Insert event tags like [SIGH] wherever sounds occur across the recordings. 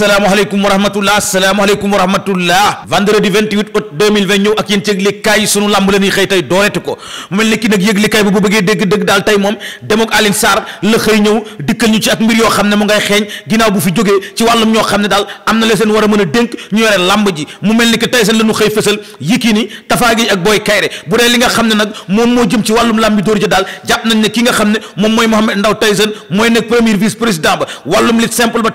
asalaamaaleykum wa rahmatullah asalaamaaleykum wa rahmatullah vendredi 28 août 2020 ñëw ak yéen ci yëglikaay sunu làmb la ñuy xëy tey dooreeti ko mu mel ni ki nag yëglikaay bi bu bëggee dégg dëgg daal tey moom dem ak Alioune la xëy ñëw dikkal ñu ci ak mbir yoo xam ne mu ngay xeeñ ginnaaw bu fi jógee ci wàllum ñoo xam ne daal am na la seen war a mën a dénk ñu yore làmb ji mu mel ni ki tey seen xëy fësal Yékini Tapha Gueye ak Boy Kayre bu dee li nga xam ne nag moom moo jëm ci wàllum làmb ji dóor ji ki nga xam ne moom mooy Mohamed Ndaw Tyson mooy nekk premier vice président ba wàllum lit simple ba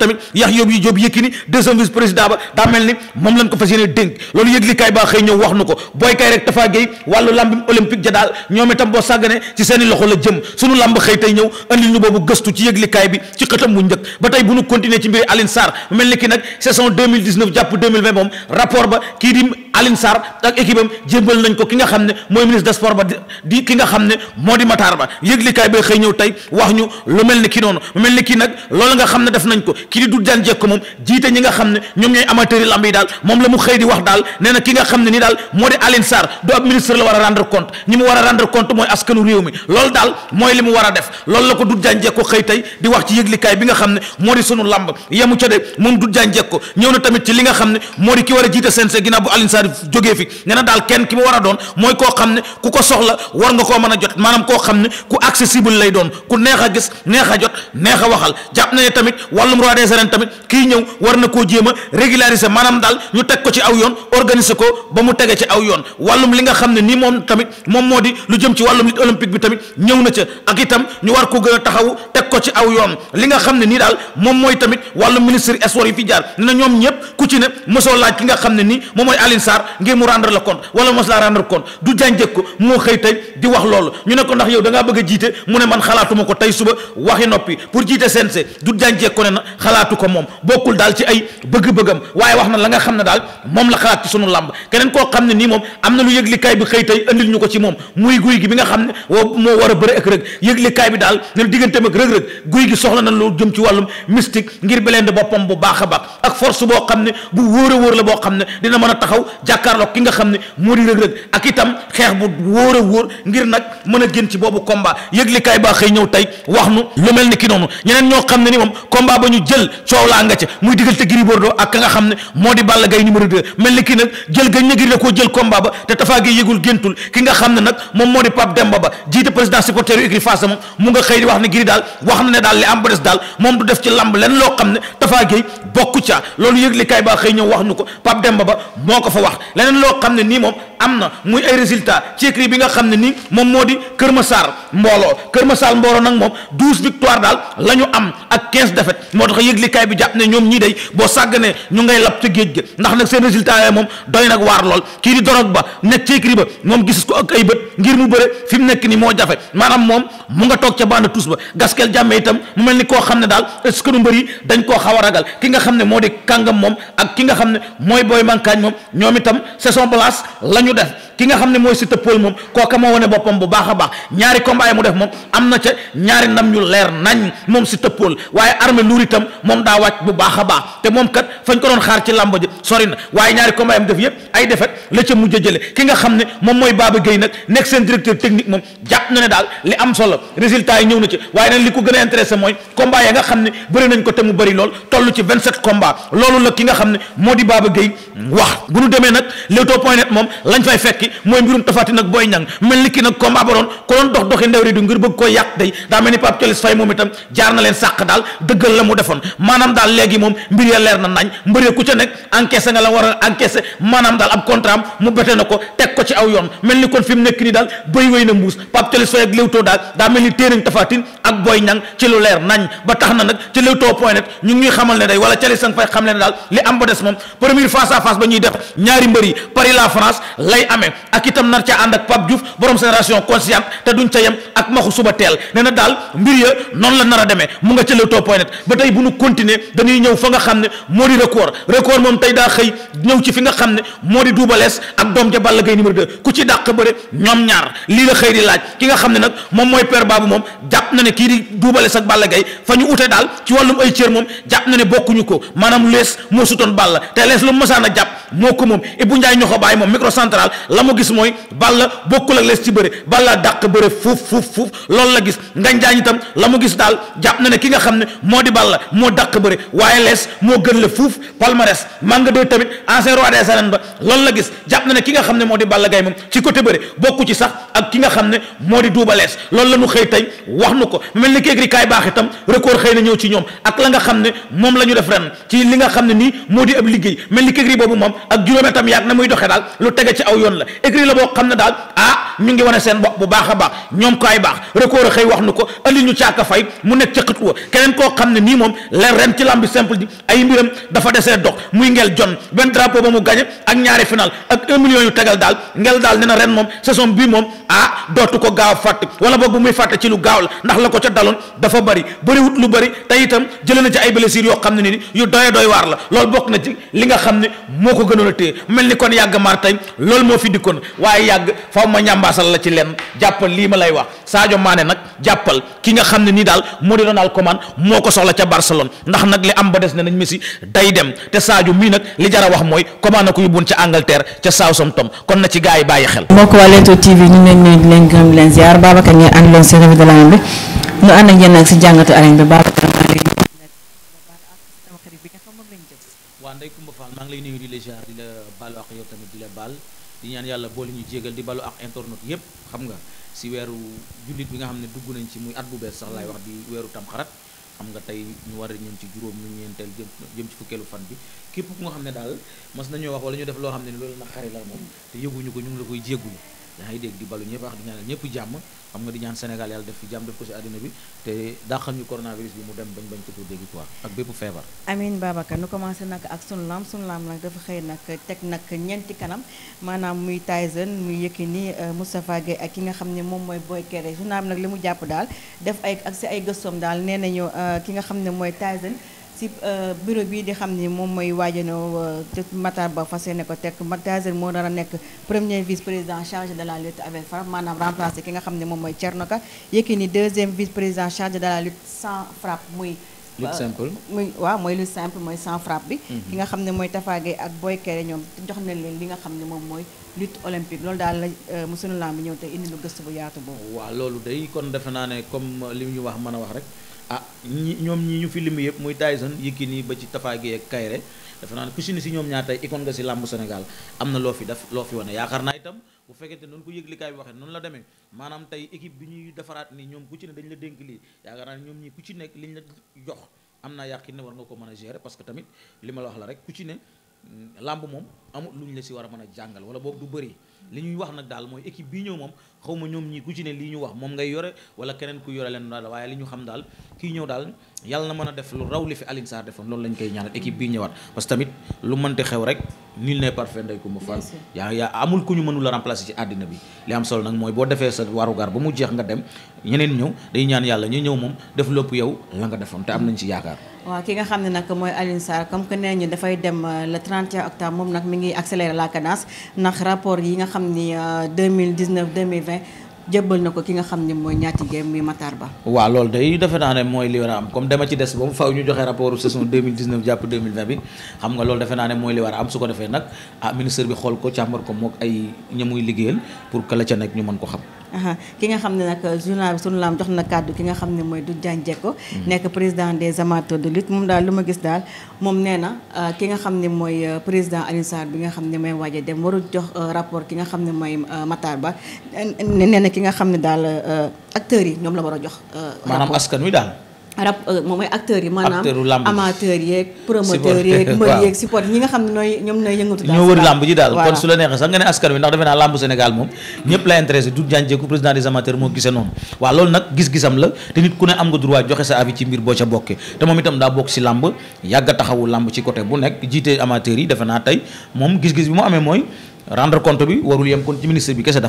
Yékini deuxième vice président ba daa ni moom lañ ko fas yéene dénk loolu yëglikaay baa xëy ñëw wax nu ko booy rek Tafa Gueye wàllu lambim olympique ja daal ñoom itam boo sàggane ci seeni loxo la jëm sunu lamb xëy tey ñëw andil ñu boobu gëstu ci yëglikaay bi ci xëtam mu njëkk ba tey bu ñu continuer ci mbiri Aline Sarr mel ni ki nag saison 2019 jàpp rapport ba kii di Aline Sarr ak équipe am jébbal nañ ko ki nga xam ne mooy ministre des sports ba di ki nga xam ne moo di Matar Ba yëglikaay ba xëy ñëw tey wax ñu lu mel xam ne def nañ ko kii di Doudou jiite ñi nga xam ne ñoom ñooy amateurs yi lamb yi daal moom la mu xëy di wax daal nee na ki nga xam ne ni daal moo di Alioune Sarr du ab ministre la war a rendre compte ñi mu war a rendre compte mooy askanu réew mi loolu daal mooy li mu war a def loolu la ko Doudou Diagne Diecko xëy tey di wax ci yëglikaay bi nga xam ne moo di sunu lamb yemu ca de moom Doudou Diagne Diecko ñëw na tamit ci li nga xam ne moo di ki war a jiite CNG ginnaaw bu Alioune Sarr jógee fi nee daal kenn ki war a doon mooy koo xam ne ku ko soxla war nga koo mën a jot maanaam koo xam ne ku lay doon ku neex a gis neex a a waxal na tamit wàllum roi des arènes tamit kii réewam war na koo jéem a régulariser maanaam daal ñu teg ko ci aw yoon organiser ko ba mu tegee ci aw yoon wàllum li nga xam ne nii moom tamit moom moo di lu jëm ci wàllum lutte bi tamit ñëw na ca itam war ko gën a taxawu teg ko ci aw yoon li nga xam ne nii daal moom mooy tamit wàllum ministre sport yi fi jaar ne na ñoom ñëpp ku ci ne mosoo laaj ki nga xam ne nii moom mooy Alioune Sarr ngir mu rendre le compte wala mos laa rendre compte du jànjëg ko moo xëy tey di wax loolu ñu ne ko ndax yow da ngaa bëgg a jiite mu ne man xalaatuma ko tey suba waxi noppi pour jiite CNG du jànjëg ko ne na xalaatu ko moom daal ci ay bëgg-bëggam waaye wax na la nga xam ne daal moom la xalaat ci sunu làmb keneen koo xam ne nii moom am na lu yëglikaay bi xëy tey andil ñu ko ci moom muy guy gi bi nga xam ne woo moo war a bëre ak rëg yëglikaay bi daal ne digganteem ak rëg-rëg guy gi soxla na lu jëm ci wàllum mystique ngir belende boppam bu baax a baax ak force boo xam ne bu wóor a wóor la boo xam ne dina mën a taxaw jàkkaarloo ki nga xam ne moo di rëg-rëg ak xeex bu wóor a wóor ngir nag mën a génn ci boobu combat yëglikaay baa xëy ñëw tey wax nu lu mel ni ki noonu ñeneen ñoo xam ne ni moom combat ba ñu jël coow laa nga ca muy diggante Gris Bordeaux ak ka nga xam ne moo di Balla Gaye numéro 2 mel ni kii nag jël gañ na Gris da koo jël combat ba te Tapha Gueye yëgul géntul ki nga xam ne nag moom moo di Pape Demba ba jiite président supporter yu écurie Fass moom ne daal wax na ne daal li am loo xam ne Tapha Gueye bokku ca loolu yëg li kaay baa wax ñu ko Pape Demba ba moo ko fa wax leneen loo xam ne nii moom am na muy ay résultat ci écurie bi nga xam ne nii moom moo di Kër Massar mbooloo Kër Massar mbooloo nag moom douze victoire daal la ñu am ak quinze défaites moo tax yëg li kaay bi ñii day boo sàgganee ñu ngay lab ca géej ga ndax nag seen résultat yi moom doy nag waar lool kii di dorog ba nekk ci écrit ba moom gis ko ak ay bët ngir mu bëre fi mu nekk ni moo jafe maanaam moom mu nga toog ca bande tous ba gaskeel jàmme itam mu mel ni koo xam ne daal est que nu mbër yi dañ koo xaw a ragal ki nga xam ne moo di kàngam moom ak ki nga xam ne mooy booy mankaañ moom ñoom itam saison blanche la ñu def ki nga xam ne mooy Siteu Paul moom kooka moo wane boppam bu baax a baax ñaari combat yi mu def moom am na ca ñaari ndam ñu leer nañ moom Siteu Paul waaye armée lourd itam moom daa wàcc bu baax a baax te moom kat fañ ko doon xaar ci làmb ji sori na waaye ñaari combat yi mu def yëpp ay defet la ca mujj jële ki nga xam ne moom mooy Baba Gueye nag nekk seen directeur technique moom jàpp na ne daal li am solo résultat yi ñëw na ci waaye nag li ko gën a intéressé mooy combat ya nga xam ne bëri nañ ko te mu bëri lool toll moo di Baba Gueye wax bu ñu tekki mooy mbirum tafati nag booy ñang mel ni ki nag combat ba doon dox doxi ndew ri ngir bëgg koo yàq day daa mel ni Pape Thialis Faye moom itam jaar na leen sàq daal dëggal la mu defoon maanaam daal léegi moom mbir ya leer na nañ mbëre ca nekk encaissé nga la war a maanaam daal ab contrat mu bete na ko teg ko ci aw yoon mel ni kon fi nekk nii daal bëy wéy na mbuus Pape Thialis ak Leewtoo daal daa mel ni téerañ tafaatin ak Boy Niang ci lu leer nañ ba tax na nag ci Leewtoo point ñu ngi xamal ne day wala Thialis Sène Faye xam leen daal li am ba des moom premier face à face ca yem ak maxu suba teel nee na daal mbir ya noonu la nar a demee mu nga ca Leewtoo point ba tey bu ñu continuer dañuy ñëw fa nga xam ne moo di record record moom tey daa xëy ñëw numéro 2 ku ci dàq bëre ñoom ñaar lii la xëy di laaj ki nga xam ne nag moom mooy père Babou moom jàpp na ne kii di duubale sa Balla Gaye fa ñu ute daal ci wàllum ay cër moom jàpp na ne bokkuñu ko maanaam lees moo sutoon Balla te lees lu mosaan a jàpp moo ko moom Ibou Ndiaye ñoo ko moom micro la mu gis mooy Balla bokkul ak lees ci bëre Balla dàq bëre fuuf fuuf fuuf loolu la gis ngañ jaañ itam la mu gis daal jàpp na ne ki nga xam ne moo di Balla la fuuf palmarès manga doy tamit ancien roi des arènes ba loolu la gis jàpp na ne ki nga xam ne moo di Balla Gaye moom ci côté bëre bokku ci sax ak ki nga xam ne moo di Double Less loolu la ñu xëy tey wax nu ko mel ni kéegri kaay baax itam record xëy na ñëw ci ñoom ak la nga xam ne moom la ñu def ren ci li nga xam ne nii moo di ab liggéey mel ni kéegri boobu moom ak tam yaag na muy doxee daal lu tege ci aw yoon la écrit la boo xam ne daal ah ñu ngi wane seen bopp bu baax a baax ñoom kaay baax record xëy wax nu ko andi ñu caaka fay mu nekk ca xët wa keneen koo xam ne nii moom la ren ci lambi simple ji ay mbiram dafa desee dox muy ngel jon benn drapeau ba mu gañe ak ñaari final ak un million yu tegal daal ngel daal ne na ren moom saison bii moom ah dootu ko gaaw fàtte wala boog bu muy fàtte ci lu gaaw la ndax la ko ca daloon dafa bëri bëriwut lu bëri te itam jëlee na ci ay blessures yoo xam ne ni yu doye doy waar la loolu bokk na ci li nga xam ne moo ko gënoon a téye mel ni kon yàgg maar tey loolu moo fi dikkoon waaye yàgg faw ma ñambaasal la ci lenn jàppal lii ma lay wax saajo maane nag jàppal ki nga xam ne nii daal moo di Ronald Koeman moo ko soxla ca Barcelone ndax nag li am ba des ne nañ Messi day dem te saajo mii nag li jar a wax mooy Koeman na ko yóbbuwoon ca Angleterre ca Southampton na ci gaa yi bàyyi xel. mbokk waa Leewtoo TV ñu ngi leen nuyu di leen gërëm di leen ziar Babacar ñu leen si revue de l'arène bi ñu ànd ak yéen bi Babacar maa ngi lay nuyu. waa Ndeye Coumba Fall di la ziar di la baalu ak yow tamit di la baal di ñaan yàlla li ñu jégal di balo ak internet yépp xam nga si weeru jullit bi nga xam ne dugg nañ ci muy at bu bees sax laay wax di weeru tamxarat xam nga tey ñu war a ñëw ci juróom ñu ñeenteel jëm jëm ci fukkeelu fan bi képp ku nga xam ne daal mas nañoo wax wala ñu def loo xam ne loolu naqari la moom te yëguñu ko ñu ngi la koy jéggulu yaa ngi dégg di balu ñëpp wax di ñaanal ñëpp jàmm xam nga di ñaan Sénégal yàlla def fi jàmm def ko si àddina bi te dàqal ñu coronavirus bi mu dem bañ bañ ko ko dégg quoi ak bépp feebar. amiin Babacar nu commencé nag ak sunu lam sunu lam nag dafa xëy nag teg nag ñeenti kanam maanaam muy Tyson muy Yékini euh, Moustapha Gueye ak ki nga xam ne moom mooy Boy Kéré journal nag li mu jàpp daal def ay ak si ay gëstoom daal nee nañu euh, ki nga xam ne mooy Tyson. si euh, bureau bi di xam ni moom mooy waajanoo te euh, Matar Ba fas yéene ko tekk Matar moo nar a nekk premier vice président chargé de la lutte avec frappe maanaam remplacé ki nga xam ne moom mooy Thierno Ka Yékini deuxième vice président chargé de la lutte sans frappe euh, waaw mooy lutte simple mooy sans bi. Mhm. ki nga xam ne mooy Tapha ak Boy Kéré ñoom jox na leen li nga xam ne moom mooy lutte olympique loolu daal la mu sunu lamb bi ñëw te indi lu gëstu bu yaatu boobu. waa loolu day kon defe naa ne comme li ñu wax mën a wax rek. ah ñi ñoom ñi ñu fi lim yëpp muy Tyson Yékini ba ci Tapha Guèye ak Kayre dafa naan ku si ni si ñoom ñaar tey icône nga si làmbu Sénégal am na loo fi def loo fi wane yaakaar naa itam bu fekkente noonu ko yëglikaay bi waxee noonu la demee maanaam tey équipe bi ñuy defaraat ni ñoom ku ci ne dañ la dénk lii yaakaar naa ñoom ñi ku ci nekk li ñu la jox am naa yàqin ne war nga ko mën a gérer parce que tamit li ma la wax la rek ku ci ne mm, làmb moom amul lu ñu la si war a mën a jàngal wala boobu du bëri li ñuy wax nag daal mooy équipe bii ñëw moom xaw ma ñoom ñi ku ci ne lii ñu wax moom ngay yore wala keneen ku yore leen daal waaye li ñu xam daal kii ñëw daal yàlla na mën a def lu raw li fi Alioune Sarr defoon loolu lañ koy ñaanal équipe bii ñëwaat parce que tamit lu mënti xew rek nul n'est parfait ndey ko ma fal yaa yaa amul ku ñu mënula a ci àddina bi li am solo nag mooy boo defee sa warugar ba mu jeex nga dem ñeneen ñëw day ñaan yàlla ñu ñëw moom def lépp yow la nga defoon te am nañ ci yaakaar waaw ki nga xam ne nag mooy Alioune Sarr comme que nee ñu dafay dem euh, le 31 octobre moom nag mi ngi accélérer la cadence ndax rapport yi nga xam ni 2019 euh, 2020 jébbal na ko ki nga xam ne mooy ñaatigeem muy Matar Ba. waaw loolu day defe naa ne mooy li war a am comme dama ci des ba mu faw ñu joxe rapport saison 2019 jàpp 2020 bi xam nga loolu defe naa ne mooy li war a am su ko defee nag ah ministre bi xool ko càmbar ko mook ay ñamuy liggéeyal pour que la nekk ñu mën ko xam. ki nga xam ne nag euh, journal sunu laam jox na kàddu ki nga xam ne mooy du Diagne Diecko mm-hmm. nekk président des amateurs de lutte moom daal lu ma gis daal moom nee na euh, ki nga xam ne mooy euh, président Alioune Sarr bi nga xam ne mooy waaje dem warul jox rapport ki nga xam ne mooy Matar Ba nee na ki nga xam ne daal acteurs yi ñoom la war a jox maanaam askan wi daal rap euh, moom mooy acteurs yi maanaam amateurs yeeg promoteurs yeeg [LAUGHS] mbër yeeg support ñi nga xam ne nooy ñoom nooy yëngatu daal ñoo wër làmb ji daal kon nga ne askan wi ndax defe naa làmb Sénégal moom ñëpp la intéressé du janjeeku président des amateurs moo gisee noonu waaw loolu nag gis-gisam la te nit ku ne am nga droit joxe sa avis ci mbir boo ca bokkee te moom itam daa bokk si làmb yàgg a taxawu làmb ci côté bu nekk jiite amateurs yi defe naa tey moom gis-gis bi mu amee mooy rendre compte bi warul yem kon ci ministre bi kese a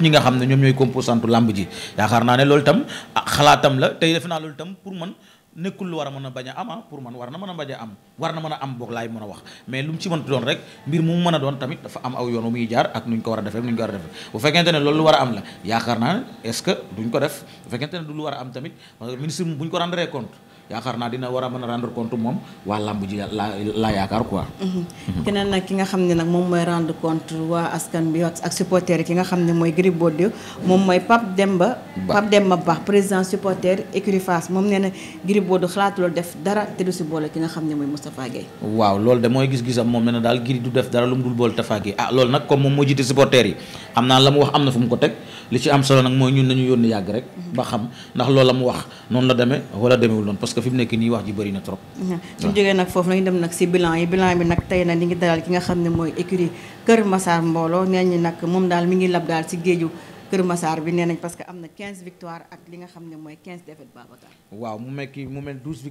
ñi nga xam ne ñoom ñooy composante làmb ji yaakaar naa ne loolu tam ah, xalaatam la tey defe naa loolu tam pour man nekkul lu war a mën ah, man war a bañ a am war na mën a am boog laay mën a wax mais lu mu ci mën doon rek mbir mu mën a doon tamit dafa am aw yoon wu muy jaar ak nuñ ko a defee nuñ ko war a defee bu fekkente ne loolu lu war a am la yaakaar naa ne est-ce que ko def bu fekkente ne du lu war a am tamit ministre buñ ko rendre compte yaakaar naa dina war a mën a rendre compte moom waa làmb ji la la yaakaar mhm. Mhm. keneen nag ki nga xam ne nag moom mooy rendre compte waa askan bi ak supporter yi ki nga xam ne mooy Gris Bordeaux waaw loolu de mooy gis-gisam moom nee na daal Gris du def dara lu mu dul boole Tafa Gueye ah loolu nag comme moom moo jiite supporter yi xam naa la mu wax am na fu mu ko teg li ci am solo nag mooy ñun nañu yónni yàgg rek ba xam ndax loolu la mu wax noonu la demee wala que nekk nii wax ji bëri na trop. suñu jógee nag foofu nañu dem nag si bilan yi bilan bi nag tey nag ñu nga xam ne mooy écurie Kër Massar mbooloo nee nañu nag moom daal mi ngi lab daal si géeju Kër Massar bi nee nañ parce que am na 15 victoire ak li nga xam ne mooy 15 défaite mu mel ki mu mel 12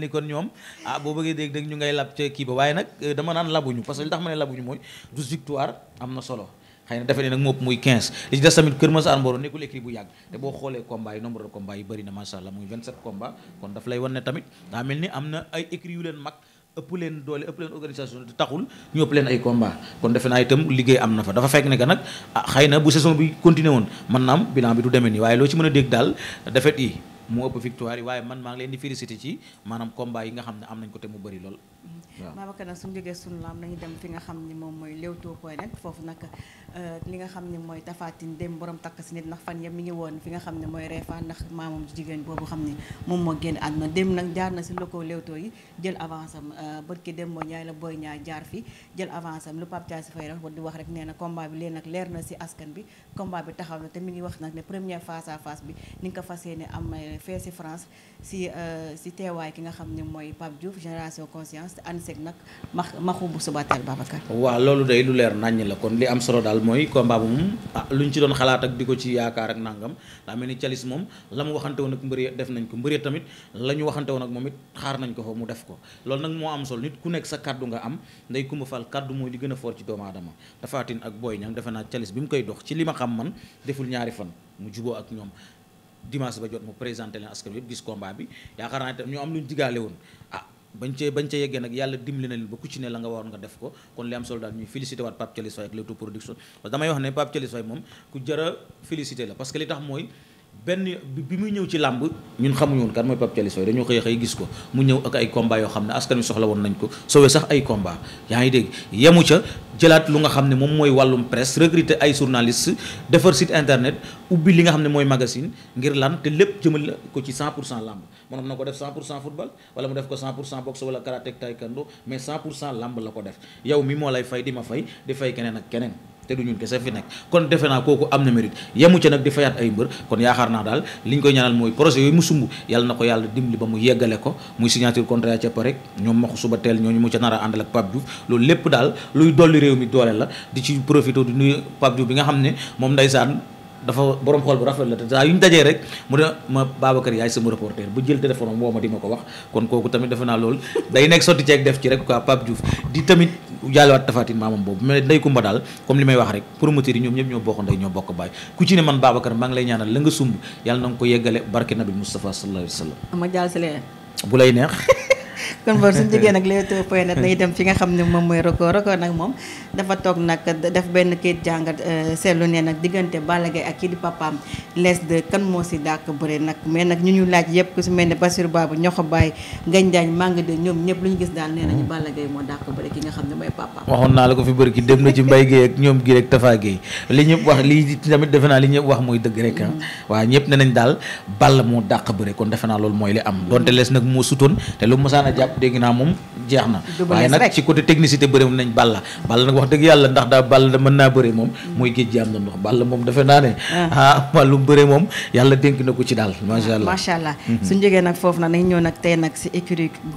[LAUGHS] ni kon ñoom ah boo bëggee dégg-dégg ñu ngay lab ca kii ba waaye nag eh, dama naan labuñu parce que li tax ma ne labuñu mooy 12 victoire am na solo. xëy na defe ne nag mopp muy 15 li ci des tamit Kër Masar Mboro nekkul équipe bu yàgg te boo xoolee combat yi nombre de combat yi bëri na macha allah muy 27 combat kon daf lay wan ne tamit daa mel ni am na ay écrits yu leen mag ëpp leen doole ëpp leen organisation taxul ñu ëpp leen ay combat kon defe naa itam liggéey am na fa dafa fekk ne que nag ah na bu saison bi continué woon mën naa am bi du demee nii waaye loo ci mën a dégg daal defet yi moo ëpp victoire yi waaye man maa ngi leen di félicité ci maanaam am nañ ko te mu bëri lool mm-hmm. waaw Babacar nag suñu moom mooy Leewtoo point net euh, li nga xam ne mooy tafaatin dem borom takk si nit ndax fan yëpp mi ngi woon fi nga xam ne mooy reefaan ndax maamam jigéen boobu xam ni moom moo génn àdduna dem nag jaar na si locaux Leewtoo yi jël avance am euh, bërki dem moo ñaay la booy ñaay jaar fi jël avance lu Pape Thiassi wax di rek nee na combat bi léegi nag leer na si askan bi combat bi taxaw na te mi ngi wax nag ne première face à face bi ni nga ko fas yéene am euh, fee si France si si euh, teewaay ki nga xam ne mooy Pape Diouf génération conscience te ANSEC nag ma maxu bu subateel Babacar. waaw loolu day lu leer naññ la kon li am solo daal mooy combat bu moom ah luñ ci doon xalaat di ko ci yaakaar ak nangam daa mel ni calis moom la mu waxante woon ak mbëri def nañ ko mbëri tamit la ñu waxante woon moom it xaar nañ ko fa mu def ko loolu nag moo am solo nit ku nekk sa kaddu nga am nday kumba fal kaddu mooy li gën a ci doomu aadama dafaatin ak booy ñang defe naa calis bi mu koy dox ci li ma xam man deful ñaari fan mu juboo ak ñoom dimanche ba jot mu présenté leen askan yëpp gis combat bi yaakaar naa itam ñu am lu ñu digaale woon ah bañ cee bañ ca yeggee nag yàlla dimbali na leen ba ku ne la nga waroon nga def ko kon li am solo daal ñuy félicité waat Pape Thialis Faye ak l'autoproduction parce moom ku la parce que li tax mooy benn bi muy ñëw ci làmb ñun xamuñu woon kan mooy Pape Thialis Faye dañoo xëy xëy gis ko mu ñëw ak ay combat yoo xam ne askan wi soxla woon nañ ko soowee sax ay combat yaa ngi dégg yemu ca jëlaat lu nga xam ne moom mooy wàllum presse recruter ay journaliste defar site internet ubbi li nga xam ne mooy magasin ngir lan te lépp jëmal ko ci 100 pour cent làmb mënoon na ko def 100 pour cent football wala mu def ko 100 pour cent boxe wala karaté taekwondo mais 100 pour cent làmb la ko def yow mi moo lay fay di ma fay di fay keneen ak keneen te du ñun kese fi nekk kon defe naa kooku am na mérite yemu ca nag di fayaat ay mbër kon yaakaar naa daal li ñu koy ñaanal mooy projet yooyu mu sumb yàlla na ko yàlla dimbali ba mu yeggale ko muy signature contrat ca pare ñoom ma ko suba teel ñooñu mu ca nar a àndal ak Pape Diouf loolu lépp daal luy dolli réew mi doole la di ci profité di nuyu Pape Diouf bi nga xam ne moom saan dafa borom xool bu rafet la te saa yu ñu dajee rek mu ne ma Babacar yaay sama reporter bu jël téléphone am woo ma di ma ko wax kon kooku tamit defe naa loolu day nekk sotti ceeg def ci rek quoi Pape Diouf di tamit jaalliwaat tafaatin maamam boobu mais Ndeye Coumba daal comme li may wax rek promoteurs yi ñoom ñëpp ñoo bokk ndey ñoo bokk baay ku ci ne man Babacar maa ngi lay ñaanal la nga sumb yàlla na nga ko yeggale barke nabi Moustapha sallallahu ma jaal [LAUGHS] kon boog suñu jigéen ak Leewtoo nga xam ne moom mooy record record nag moom dafa toog nag def benn kayit euh, ne nag diggante Balla Gaye ak kii di papaam les moo si dàq bëre nag mais ñu ñu laaj yëpp ku si mel ne Bassirou Babou ñoxo Baye ñëpp lu ñu gis ki nga xam ne mooy papaam waxoon naa la ko fi bëri ki dem na ci Mbaye Guèye ak ñoom gi rek Tafa Guèye li ñëpp wax lii tamit defe naa li ñëpp wax mooy dëgg rek ah mm-hmm. waaw ñëpp ne nañ daal Balla moo dàq bëre kon defe naa loolu mooy li am mm-hmm. donte les nag moo sutoon te lu mosaan a jàpp jàpp dégg naa moom jeex na waaye nag ci côté technicité bëri moom nañ Balla Balla nag wax dëgg yàlla ndax daa Balla mën naa bëri moom mm. mooy géej gi moom defe naa ah. Ah, moom yàlla dénk ko ci daal macha allah macha allah mm-hmm. suñ jógee foofu nag nañ ñëw nag tey nag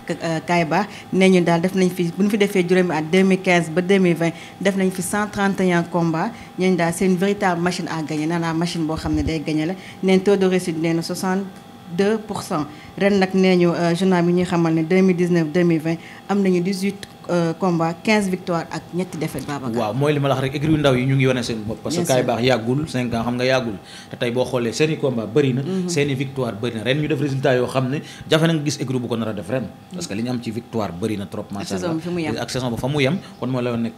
euh, ba nee ñu daal def nañ fi bu ñu fi defee juróomi at 2015 ba 2020 def nañ fi 131 combats ñeen daal c'est une véritable machine à gagner naanaa machine boo xam ne day gagner la neen taux de réussite deux pour cent ren nag nee ñu euh, journal bi ñuy xamal ne 2019 2020 am nañu 18 euh, combats 15 victoires ak ñetti défaites Babacar waaw mooy li ma la wax rek écurie ndaw yi ñu ngi wane seen bopp parce que kaay baax yàggul 5 ans xam nga yàggul te tey boo xoolee seen i combats bëri mhm. i victoire bëri ren ñu def résultat yoo xam ne jafe na nga gis écurie bu ko nar a def ren parce que li ñu am ci victoire bëri trop macha ak saison la woon ne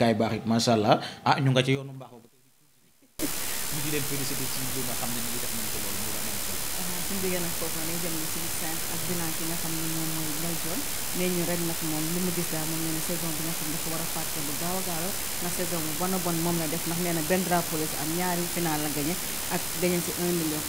suñ jógee a foofu nag jëm na si Saint ak bilan ki nga xam ne moom mooy Mbaye Dione nee ñu ren nag moom li mu gis daal moom nee na saison bi nga xam dafa war a fàtte bu gaaw a gaaw la ndax bu bon a bon moom la def ndax nee na benn drapeau la si am ñaari final la gagné ak gagné si 1 million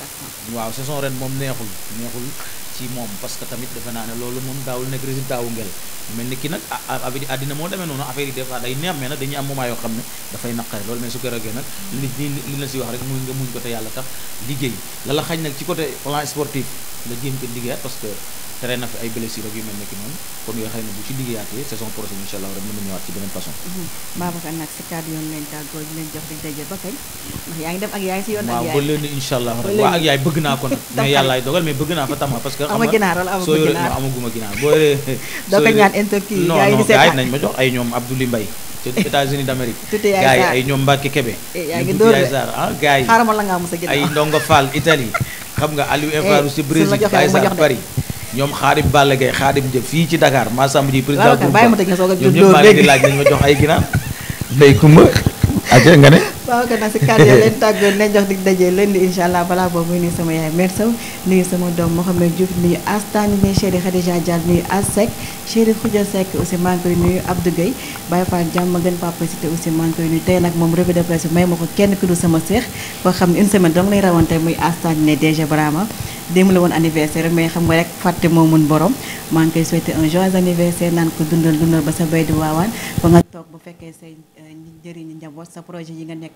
400. waaw saison ren moom neexul neexul. ci moom parce que tamit defe naa ne loolu moom daawul nekk résultat wu ngel mel ni ki nag ah àddina moo demee noonu affaire yi des fois day neex mais nag dañuy am moment yoo xam ne dafay naqare loolu mais su gërëgee nag mm. li li la si wax rek muy nga muñ ko te yàlla tax liggéey la la xañ nag ci côté plan sportif la jéem ko liggéeyaat parce que tere na fi ay blessure ak yu mel nekki noonu kon yooyu xëy na bu ci liggéeyaatee saison prochaine incha allah rek mën na ñëwaat ci beneen façon mhm. Babacar nag yaa ngi dem ak yaay si yoon ak yaay bëgg naa ko nag [LAUGHS] mais yàllaay dogal mais bëgg naa fa tama parce que ama ginaar wala soo yore ginaar boo yoree [LAUGHS] doo ko ñaan inter nañ ma jox ay ñoom Abdoulaye Mbaye [LAUGHS] États-Unis d'Amérique gars yi ay ñoom Mbacke Kébé eh, yaa ngi dóor yaay Sarr ah gars yi xaaral ma la ngaa mos a ay Ndongo Fall Italie xam nga Aliou eh, Evarou si Brésil yaay Sarr Paris ñoom xaadim Balla Gaye xaadim Jëf fii ci Dakar Massamba ji président ñoom ñëpp maa ngi di laaj nañ ma jox ay ginaar. ndey kumba. aja nga ne. waaw kon nag si kàddu yi leen tàggoo nañ jox dig daje leen di incha allah balaa boobu nuyu sama yaay Mère Sow nuyu sama doom Mouhamed Diouf nuyu Astan nuyu chéri Khadija Diall nuyu Assec chéri maa ngi koy nuyu Abdou Gueye Baye Fall jàmm ma gën papa cité aussi maa ngi koy nuyu tey nag moom revue de presse bi may ma ko kenn ku sama seex koo xam ne une semaine dama lay rawante muy Astan ne DG Brahma démb la woon anniversaire mais xam nga rek fàtte moo mun borom maa ngi koy souhaité un joyeux anniversaire naan ko ba sa bay di waawaan ba bu fekkee say euh, njëriñu njaboot sa projet yi nga nekk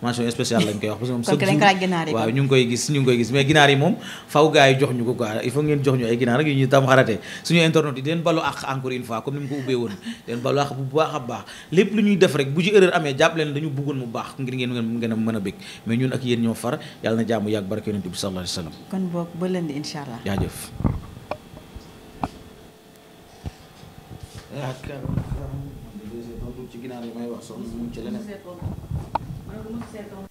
mention spéciale lañ koy wax parce que moom chaque waaw ñu ngi koy gis ñu ngi koy gis mais ginaar yi moom faw gars yi jox ñu ko quoi il faut ngeen jox ñu ay ginaar rek ñu tam suñu internet yi deen balu ak encore une comme ni mu ko ubbee woon deen balu ak bu baax a baax lépp lu ñuy def rek bu ci erreur amee jàpp leen dañu bëggoon mu baax ngir ngeen ngeen a mën a bég mais ñun ak yéen ñoo far yàlla na jàmm yàgg barke yonent bi sallallahu alayhi wasallam ah, ci ginaar yi may wax soxna mu ci leneen lu ma seetoon